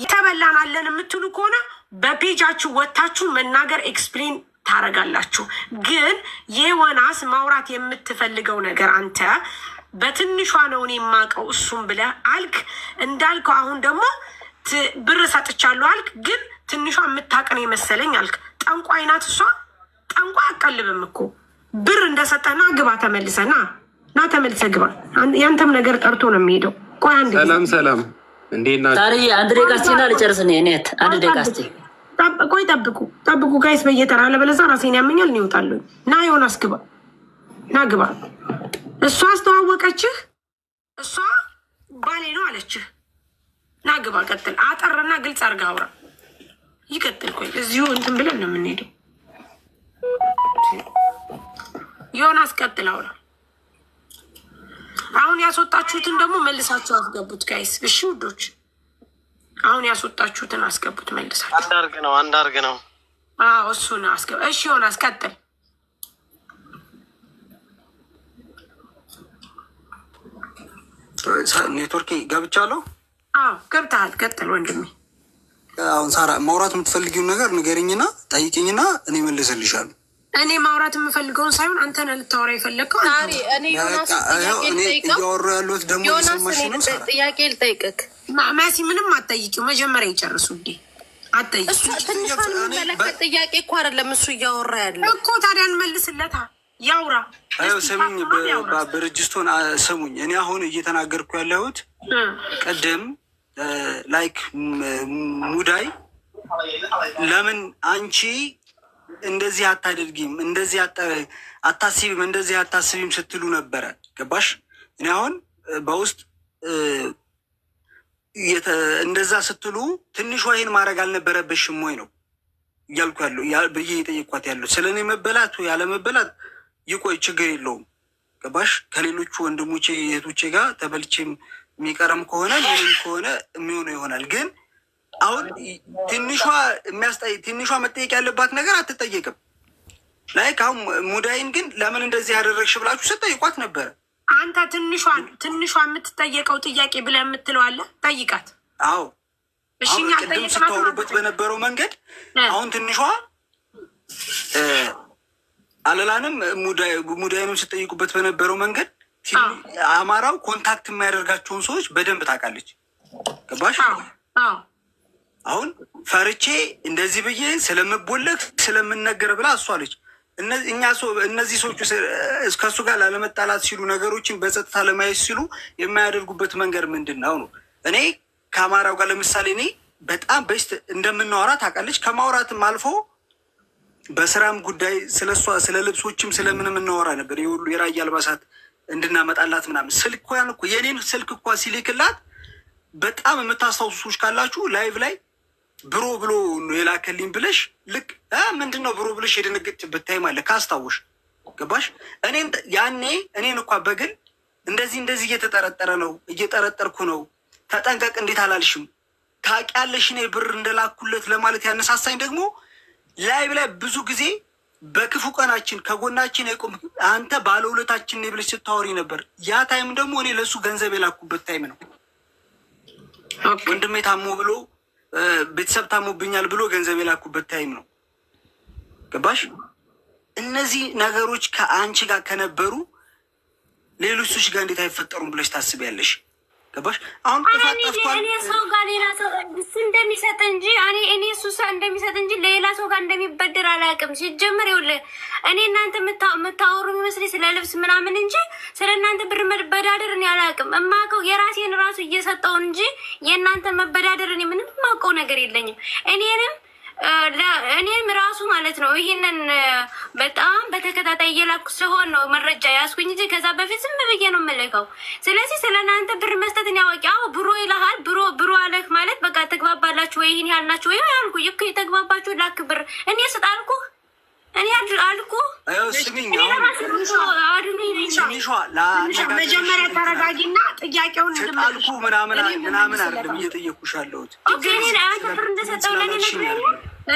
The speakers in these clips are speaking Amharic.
የተበላን የምትሉ ከሆነ በፔጃችሁ ወጥታችሁ መናገር ኤክስፕሌን ታረጋላችሁ። ግን የወናስ ማውራት የምትፈልገው ነገር አንተ በትንሿ ነው እኔ የማውቀው እሱም ብለህ አልክ እንዳልከው። አሁን ደግሞ ብር ሰጥቻለሁ አልክ፣ ግን ትንሿ የምታቀን የመሰለኝ አልክ። ጠንቋይ ናት እሷ። ጠንቋይ አቀልብም እኮ ብር እንደሰጠና ግባ ተመልሰና ና ተመልሰ ግባ። ያንተም ነገር ጠርቶ ነው የሚሄደው። ቆይ አንድ ሰላም ሰላም አንድ ደቂቃ ልጨርስ። ቆይ ጠብቁ ጠብቁ ጋይስ፣ በየተራ አለበለዚያ ራሴን ያመኛል። እወጣለሁ። ና ዮናስ ግባ፣ ና ግባ። እሷ አስተዋወቀችህ፣ እሷ ባሌ ነው አለችህ። ና ግባ፣ ቀጥል። አጠርና ግልጽ አድርገህ አውራ። ይቀጥል። ቆይ እዚሁ እንትን ብለን ነው የምንሄደው። ዮናስ ቀጥል፣ አውራ አሁን ያስወጣችሁትን ደግሞ መልሳችሁ አስገቡት ጋይስ። እሺ ውዶች፣ አሁን ያስወጣችሁትን አስገቡት መልሳችሁ። አንዳርግ ነው አንዳርግ ነው። አዎ እሱን አስገ እሺ ሆን አስቀጥል። ኔትወርክ ገብቻለሁ። አዎ ገብተሃል። ቀጥል ወንድሜ። አሁን ሳራ ማውራት የምትፈልጊውን ነገር ንገርኝና ጠይቅኝና እኔ መልስልሻለሁ። እኔ ማውራት የምፈልገውን ሳይሆን አንተን ልታወራ የፈለግከው እኔ ዮናስ ጥያቄ ልጠይቅክ። ማሲ ምንም አትጠይቂው፣ መጀመሪያ ይጨርሱ እንዴ አትጠይቂው። መለከት ጥያቄ እኮ አይደለም እሱ እያወራ ያለ እኮ። ታዲያ እንመልስለታ ያውራ። ስሙኝ፣ ብርጅስቶን ስሙኝ። እኔ አሁን እየተናገርኩ ያለሁት ቅድም ላይክ ሙዳይ ለምን አንቺ እንደዚህ አታደርጊም፣ እንደዚህ አታስቢም፣ እንደዚህ አታስቢም ስትሉ ነበረ። ገባሽ? እኔ አሁን በውስጥ እንደዛ ስትሉ ትንሽ ይህን ማድረግ አልነበረብሽም ወይ ነው እያልኩ ያለው ብዬ የጠየኳት ያለው ስለ እኔ መበላት ይቆይ ችግር የለውም። ገባሽ? ከሌሎቹ ወንድሞቼ እህቶቼ ጋር ተበልቼም የሚቀረም ከሆነ ምንም ከሆነ የሚሆነው ይሆናል ግን አሁን ትንሿ የሚያስጠይ ትንሿ መጠየቅ ያለባት ነገር አትጠየቅም። ላይክ አሁን ሙዳይን ግን ለምን እንደዚህ ያደረግሽ ብላችሁ ስጠይቋት ነበረ። አንተ ትንሿ ትንሿ የምትጠየቀው ጥያቄ ብለህ የምትለዋለ ጠይቃት። አዎ ቅድም ስታወሩበት በነበረው መንገድ አሁን ትንሿ አለላንም ሙዳይንም ስጠይቁበት በነበረው መንገድ አማራው ኮንታክት የሚያደርጋቸውን ሰዎች በደንብ ታውቃለች። ገባሽ? አሁን ፈርቼ እንደዚህ ብዬ ስለምቦለክ ስለምነገር ብላ እሷ አለች። እኛ እነዚህ ሰዎች ከእሱ ጋር ላለመጣላት ሲሉ ነገሮችን በጸጥታ ለማየት ሲሉ የማያደርጉበት መንገድ ምንድን ነው ነው? እኔ ከአማራው ጋር ለምሳሌ እኔ በጣም በስት እንደምናወራ ታውቃለች። ከማውራትም አልፎ በስራም ጉዳይ ስለሷ ስለ ልብሶችም ስለምንም እናወራ ነበር። የሁሉ የራያ አልባሳት እንድናመጣላት ምናምን ስልክ እኮ የኔን ስልክ እኳ ሲልክላት በጣም የምታስታውሱ ሰዎች ካላችሁ ላይቭ ላይ ብሩ ብሎ የላከልኝ ብለሽ ልክ ምንድን ነው ብሮ ብለሽ የደነገጥሽበት ብታይ ማለ ካስታውሽ ገባሽ። እኔም ያኔ እኔን እኳ በግል እንደዚህ እንደዚህ እየተጠረጠረ ነው እየጠረጠርኩ ነው ተጠንቀቅ እንዴት አላልሽም ታውቂያለሽ እኔ ብር እንደላኩለት ለማለት ያነሳሳኝ ደግሞ ላይ ላይ ብዙ ጊዜ በክፉ ቀናችን ከጎናችን የቆም አንተ ባለውለታችን ብለሽ ስታወሪ ነበር። ያ ታይም ደግሞ እኔ ለእሱ ገንዘብ የላኩበት ታይም ነው። ወንድሜ ታሞ ብሎ ቤተሰብ ታሞብኛል ብሎ ገንዘብ የላኩበት ታይም ነው። ገባሽ? እነዚህ ነገሮች ከአንቺ ጋር ከነበሩ ሌሎች ሰዎች ጋር እንዴት አይፈጠሩም ብለሽ ታስቢያለሽ? ገባሽ? አሁን እኔ ሰው ጋር ሌላ ሰው እንደሚሰጥ እንጂ እኔ እኔ ሱሳ እንደሚሰጥ እንጂ ሌላ ሰው ጋር አላውቅም። ሲጀምር ይኸውልህ እኔ እናንተ የምታወሩ የሚመስለኝ ስለ ልብስ ምናምን እንጂ ስለ እናንተ ብር መበዳደር እኔ አላውቅም። እማውቀው የራሴን ራሱ እየሰጠውን እንጂ የእናንተ መበዳደር እኔ ምንም የማውቀው ነገር የለኝም እኔንም እኔም ራሱ ማለት ነው ይህንን በጣም በተከታታይ እየላኩ ሲሆን ነው መረጃ ያስኩኝ እንጂ ከዛ በፊት ዝም ብዬ ነው የምልከው። ስለዚህ ስለ እናንተ ብር መስጠትን ያወቂ አሁ ብሮ ይልሃል ብሮ ብሮ አለህ ማለት በቃ ተግባባላችሁ ወይ ይህን ያህል ናችሁ ወይ አልኩ ይክ የተግባባችሁ ላክ ብር እኔ ስጥ አልኩ እኔ አልኩ መጀመሪያ ተረጋጊና ጥያቄውን ምናምን ምናምን አይደለም እየጠየኩሽ ያለሁት ብር እንደሰጠው ለኔ ነግረኛል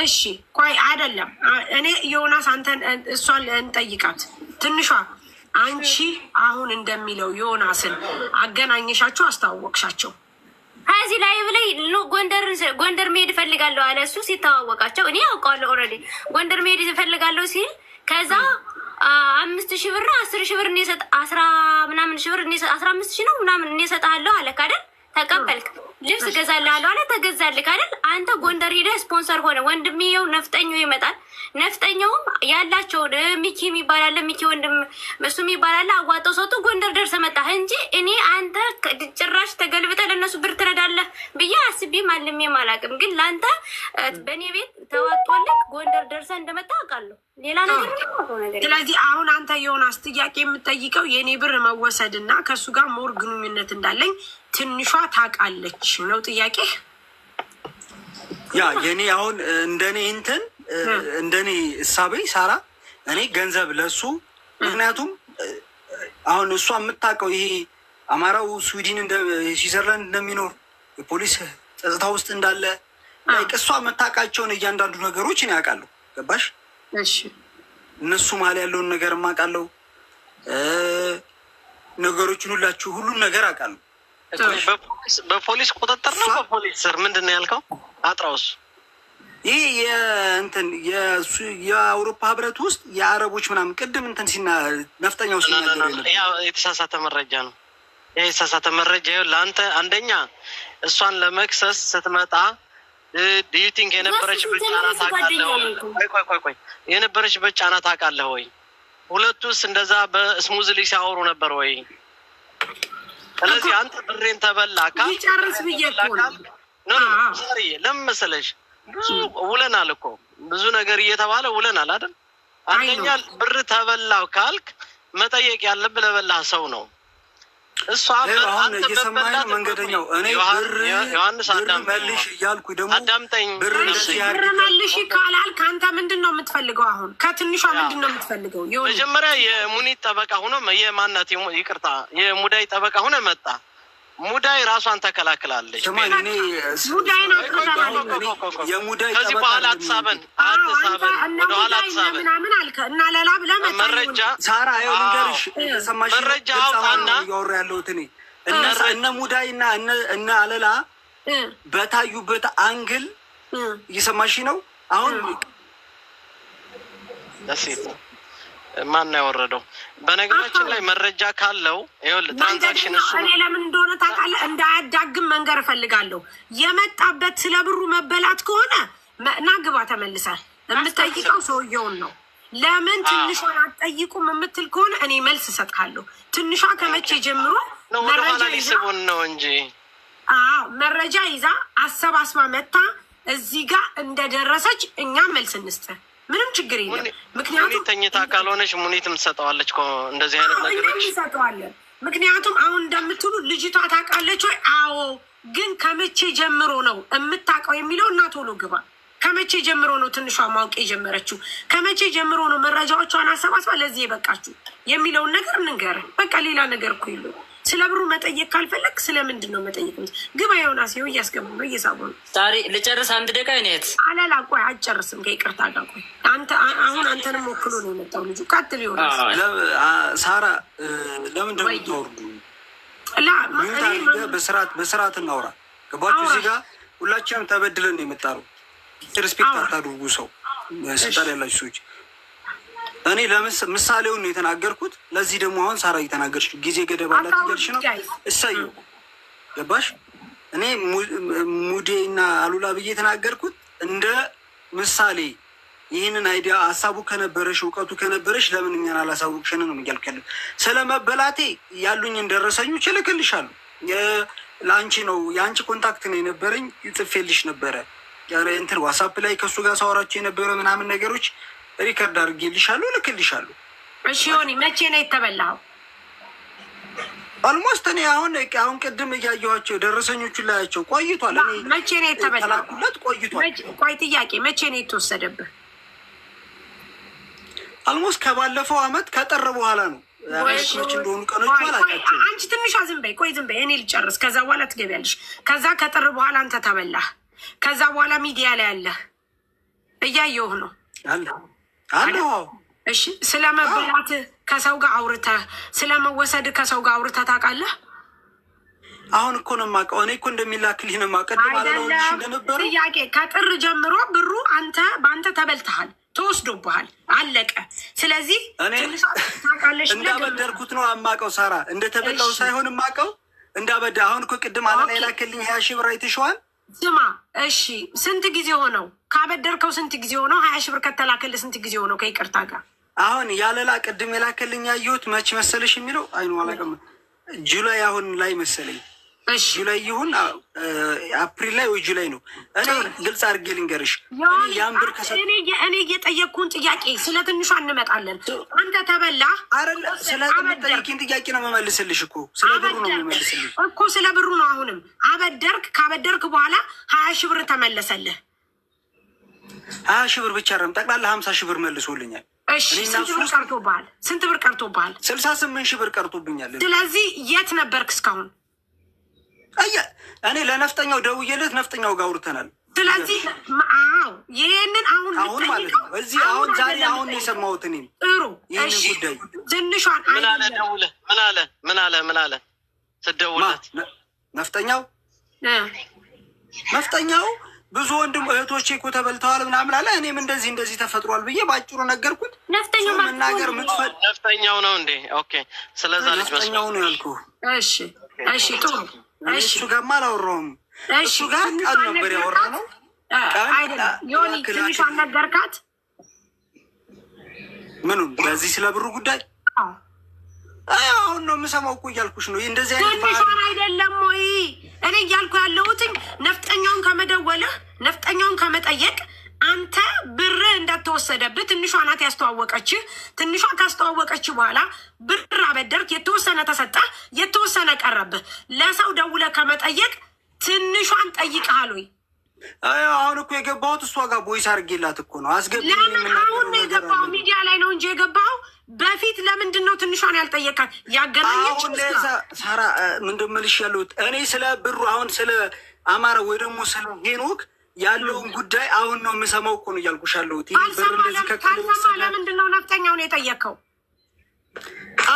እሺ ቆይ አይደለም፣ እኔ ዮናስ አንተን እሷን እንጠይቃት ትንሿ። አንቺ አሁን እንደሚለው ዮናስን አገናኘሻቸው፣ አስተዋወቅሻቸው። ከዚህ ላይ ብላይ ጎንደር መሄድ እፈልጋለሁ አለ። እሱ ሲተዋወቃቸው እኔ ያውቀዋለሁ ኦልሬዲ ጎንደር መሄድ እፈልጋለሁ ሲል ከዛ አምስት ሺህ ብር አስር ሺህ ብር አስራ ምናምን ሺህ ብር አስራ አምስት ሺህ ነው ምናምን እኔ እሰጥሃለሁ አለ ካደል ተቀበልክ። ልብስ ገዛልሃለሁ አለ ተገዛልክ አይደል? አንተ ጎንደር ሄደህ ስፖንሰር ሆነ። ወንድምየው ነፍጠኛው ይመጣል። ነፍጠኛውም ያላቸው ሚኪ የሚባላለ ሚኪ ወንድም እሱ የሚባላለ አዋጠው ሰጡ። ጎንደር ደርሰ መጣ እንጂ እኔ አንተ ጭራሽ ተገልብጠ ለእነሱ ብር ሰድቤም ማንም አላውቅም። ግን ለአንተ በእኔ ቤት ተዋጥቶልክ ጎንደር ደርሰ እንደመጣ አውቃለሁ። ሌላ ነገር ስለዚህ አሁን አንተ የሆናስ ጥያቄ የምጠይቀው የእኔ ብር መወሰድ እና ከእሱ ጋር ሞር ግንኙነት እንዳለኝ ትንሿ ታውቃለች ነው ጥያቄ ያ የኔ አሁን እንደኔ እንትን እንደኔ እሳቤ ሳራ እኔ ገንዘብ ለሱ ምክንያቱም አሁን እሷ የምታውቀው ይሄ አማራው ስዊድን ስዊዘርላንድ እንደሚኖር የፖሊስ ጸጥታ ውስጥ እንዳለ እሷ የምታውቃቸውን እያንዳንዱ ነገሮች እኔ አውቃለሁ። ገባሽ? እነሱ መሀል ያለውን ነገር ማውቃለሁ። ነገሮችን ሁላችሁ ሁሉን ነገር አውቃለሁ። በፖሊስ ቁጥጥር ነው። በፖሊስ ስር ምንድን ነው ያልከው? አጥራውስ ይህ የእንትን የአውሮፓ ህብረት ውስጥ የአረቦች ምናምን ቅድም እንትን ሲና ነፍጠኛው ሲናገሩ የተሳሳተ መረጃ ነው። የተሳሳተ መረጃ ለአንተ አንደኛ እሷን ለመክሰስ ስትመጣ ዲዩቲንክ የነበረች ጫና ታውቃለህ? የነበረች ቆይ ቆይ የነበረችበት ጫና ታውቃለህ ወይ? ሁለቱስ እንደዛ በስሙዝ ሊ ሲያወሩ ነበር ወይ? ስለዚህ አንተ ብሬን ተበላካ ጨርስ ብዬ ለምን መሰለሽ ውለናል እኮ ብዙ ነገር እየተባለ ውለናል አይደል? አንደኛ ብር ተበላው ካልክ መጠየቅ ያለብህ ለበላህ ሰው ነው። አሁን እየሰማኝ ነው መንገደኛው። እኔ ብር መልሽ እያልኩ ደግሞ ብር መልሽ ይካላል። ከአንተ ምንድን ነው የምትፈልገው? አሁን ከትንሿ ምንድን ነው የምትፈልገው? መጀመሪያ የሙኒት ጠበቃ ሆኖ የማናት ይቅርታ፣ የሙዳይ ጠበቃ ሆነ መጣ ሙዳይ ራሷን ተከላክላለች። ከዚህ በኋላ አትሳበን አትሳበን፣ ወደኋላ መረጃ አውጣና እነ ሙዳይ እና እነ አለላ በታዩበት አንግል እየሰማሽ ነው አሁን ደሴት ነው። ማን ያወረደው? በነገራችን ላይ መረጃ ካለው ትራንዛክሽን እሱ እኔ ለምን እንደሆነ ታውቃለህ፣ እንዳያዳግም መንገር እፈልጋለሁ። የመጣበት ስለ ብሩ መበላት ከሆነ ና ግባ ተመልሳል። የምትጠይቀው ሰውየውን ነው። ለምን ትንሿን አትጠይቁም የምትል ከሆነ እኔ መልስ እሰጥካለሁ። ትንሿ ከመቼ ጀምሮ መረጃ ሊስቡን ነው እንጂ መረጃ ይዛ አሰባስባ መታ እዚህ ጋር እንደደረሰች እኛ መልስ እንስጥ። ምንም ችግር የለም። ምክንያቱም ተኝታ ካልሆነች ሙኒትም ትሰጠዋለች። እንደዚህ አይነት ነገሮች እንሰጠዋለን። ምክንያቱም አሁን እንደምትሉ ልጅቷ ታውቃለች ወይ? አዎ። ግን ከመቼ ጀምሮ ነው የምታውቀው የሚለው እና ቶሎ ግባ ከመቼ ጀምሮ ነው ትንሿ ማወቅ የጀመረችው? ከመቼ ጀምሮ ነው መረጃዎቿን አሰባስባ ለዚህ የበቃችሁ የሚለውን ነገር እንንገር። በቃ ሌላ ነገር እኮ የለውም። ስለ ብሩ መጠየቅ ካልፈለግ ስለምንድን ነው መጠየቅ? ግባ የሆና ሲሆ እያስገቡ ነው እየሳቡ ነው። ዛሬ ልጨርስ አንድ ደቂቃ አይነት አለላ ቆይ፣ አጨርስም ከይቅርታ ጋር ቆይ። አንተ አሁን አንተንም ወክሎ ነው የመጣው ልጁ ካትል ሆ ሳራ፣ ለምንድን ነው የምታወርዱ? በስርዓት እናውራ። ገባችሁ? እዚህ ጋር ሁላችንም ተበድለን የመጣ ነው። ሪስፔክት አታድርጉ ሰው ስልጣን ያላችሁ ሰዎች እኔ ለምሳሌውን ነው የተናገርኩት። ለዚህ ደግሞ አሁን ሳራ እየተናገርሽ ጊዜ ገደብ አላት ትገልሽ ነው እሰዩ ገባሽ። እኔ ሙዴ እና አሉላ ብዬ የተናገርኩት እንደ ምሳሌ ይህንን አይዲያ ሀሳቡ ከነበረሽ እውቀቱ ከነበረሽ ለምን እኛን አላሳውቅሽን ነው እያልከል። ስለ መበላቴ ያሉኝን ደረሰኞች እልክልሻለሁ። ለአንቺ ነው የአንቺ ኮንታክት ነው የነበረኝ፣ ጽፌልሽ ነበረ እንትን ዋትሳፕ ላይ ከእሱ ጋር ሳወራቸው የነበረ ምናምን ነገሮች ሪከርድ አድርጌልሻለሁ፣ እልክልሻለሁ። እሺ ሆኒ፣ መቼ ነው የተበላው? አልሞስት እኔ አሁን አሁን ቅድም እያየኋቸው ደረሰኞቹን ላያቸው ቆይቷል። መቼ ነው የተበላሁለት? ቆይቷል። ቆይ ጥያቄ፣ መቼ ነው የተወሰደብህ? አልሞስት ከባለፈው አመት ከጥር በኋላ ነው። አንቺ ትንሿ ዝም በይ፣ ቆይ ዝም በይ፣ እኔ ልጨርስ። ከዛ በኋላ ትገቢያለሽ። ከዛ ከጥር በኋላ አንተ ተበላህ። ከዛ በኋላ ሚዲያ ላይ አለህ፣ እያየሁህ ነው እሺ ስለ መበላት ከሰው ጋር አውርታ ስለ መወሰድ ከሰው ጋር አውርታ ታውቃለህ? አሁን እኮ ነው የማውቀው። እኔ እኮ እንደሚላክልኝ ነው የማውቀው። ጥያቄ ከጥር ጀምሮ ብሩ አንተ በአንተ ተበልተሃል፣ ተወስዶብሃል፣ አለቀ። ስለዚህ እንዳበደርኩት ነው የማውቀው። ሳራ እንደተበላው ሳይሆን የማውቀው እንዳበደ አሁን እኮ ቅድም አለ የላክልኝ ሀያ ሺህ ብር አይተሽዋል ስማ እሺ፣ ስንት ጊዜ ሆነው ካበደርከው? ስንት ጊዜ ሆነው? ሀያ ሺህ ብር ከተላከልህ ስንት ጊዜ ሆነው? ከይቅርታ ጋር አሁን ያለላ ቅድም የላከልኝ ያየሁት መች መሰለሽ የሚለው አይኑ አላቀም ጁላይ አሁን ላይ መሰለኝ ጁላይ ይሁን አፕሪል ላይ ወይ ጁላይ ነው። እኔ ግልጽ አድርጌ ልንገርሽ ያን ብር እኔ የጠየቅኩን ጥያቄ ስለ ትንሿ እንመጣለን። አንተ ተበላ ስለጠየቅን ጥያቄ ነው መመልስልሽ እኮ ስለ ብሩ ነው መመልስልሽ እኮ ስለ ብሩ ነው። አሁንም አበደርክ። ካበደርክ በኋላ ሀያ ሺህ ብር ተመለሰልህ። ሀያ ሺህ ብር ብቻ ረም ጠቅላላ ሀምሳ ሺህ ብር መልሶልኛል። ስንት ስንት ብር ቀርቶብሃል? ስልሳ ስምንት ሺህ ብር ቀርቶብኛል። ስለዚህ የት ነበርክ እስካሁን? እኔ ለነፍጠኛው ደውዬለት ነፍጠኛው ጋር አውርተናል። ስለዚህ ይህንን አሁን አሁን ማለት ነው እዚህ አሁን ዛሬ አሁን የሰማሁት እኔ ጥሩ ይህንን ጉዳይ ትንሿን ምን አለ ደውለህ ምን አለ ምን አለ ምን አለ ስትደውለት ነፍጠኛው ነፍጠኛው ብዙ ወንድም እህቶቼ እኮ ተበልተዋል ምናምን አለ። እኔም እንደዚህ እንደዚህ ተፈጥሯል ብዬ በአጭሩ ነገርኩት። መናገር ምትፈል ነፍጠኛው ነው እንዴ? ኦኬ ስለዛ ልጅ ነፍጠኛው ነው እሺ እሺ ጥሩ እሱ ጋርማ አላወራሁም። እሱ ጋር ቃል ነበር ያወራነው። ትንሽ አልነገርካት ምኑ? በዚህ ስለ ብሩ ጉዳይ አሁን ነው የምሰማው እኮ እያልኩሽ ነው። እንደዚህ ትንሿን አይደለም ወይ እኔ እያልኩ ያለሁትኝ ነፍጠኛውን ከመደወልህ ነፍጠኛውን ከመጠየቅ አንተ ብር እንደተወሰደብህ ትንሿ ናት ያስተዋወቀችህ። ትንሿ ካስተዋወቀችህ በኋላ ብር ከበደርክ የተወሰነ ተሰጠህ፣ የተወሰነ ቀረብህ። ለሰው ደውለህ ከመጠየቅ ትንሿን ጠይቀሃል ወይ? አሁን እኮ የገባሁት እሷ ጋር ቦይስ አድርጌላት እኮ ነው። አስገቢ። ለምን አሁን ነው የገባው? ሚዲያ ላይ ነው እንጂ የገባው በፊት ለምንድን ነው ትንሿን ያልጠየቃት? ያገናኘች ሳራ ምንድን ምልሽ ያሉት እኔ ስለ ብሩ አሁን ስለ አማረ ወይ ደግሞ ስለ ሄኖክ ያለውን ጉዳይ አሁን ነው የምሰማው እኮ ነው እያልኩሽ ያለሁት። ይህ ብር እንደዚህ ከክልል ለምንድን ነው ነፍጠኛውን የጠየቀው?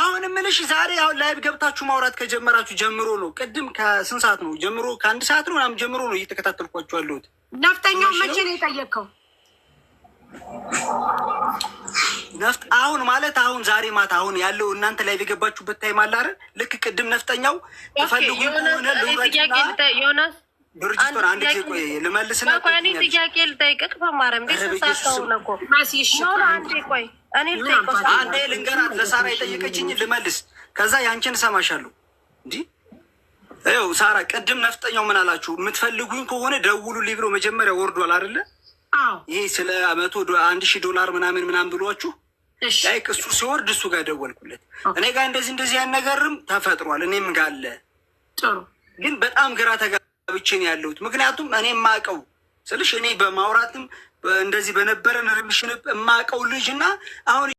አሁን የምልሽ ዛሬ አሁን ላይቭ ገብታችሁ ማውራት ከጀመራችሁ ጀምሮ ነው። ቅድም ከስንት ሰዓት ነው ጀምሮ? ከአንድ ሰዓት ነው ምናምን ጀምሮ ነው እየተከታተልኳችሁ ያለሁት። ነፍጠኛው መቼ ነው የጠየቅከው? ነፍጥ አሁን ማለት አሁን ዛሬ ማታ አሁን ያለው እናንተ ላይ የገባችሁበት ታይም አለ አይደል? ልክ ቅድም ነፍጠኛው ፈልጉ ሆነ ዮናስ ድርጅቱን አንድ ጊዜ ቆይ ልመልስና ጥያቄ ልጠይቅቅ በማረም ቤተሳሰው ነኮ አንዴ ቆይ አንዴ ልንገራት ለሳራ የጠየቀችኝ ልመልስ፣ ከዛ ያንቺን እሰማሻለሁ። እንዲህ ይኸው ሳራ፣ ቅድም ነፍጠኛው ምን አላችሁ? የምትፈልጉኝ ከሆነ ደውሉልኝ ብሎ መጀመሪያ ወርዷል አይደለ? ይህ ስለ መቶ አንድ ሺህ ዶላር ምናምን ምናምን ብሏችሁ ላይክ እሱ ሲወርድ እሱ ጋር ደወልኩለት። እኔ ጋር እንደዚህ እንደዚህ ያን ነገርም ተፈጥሯል እኔም ጋለ ግን በጣም ግራ ተጋብቼ ነው ያለሁት። ምክንያቱም እኔ የማውቀው ስልሽ እኔ በማውራትም እንደዚህ በነበረን ርምሽን የማውቀው ልጅ እና አሁን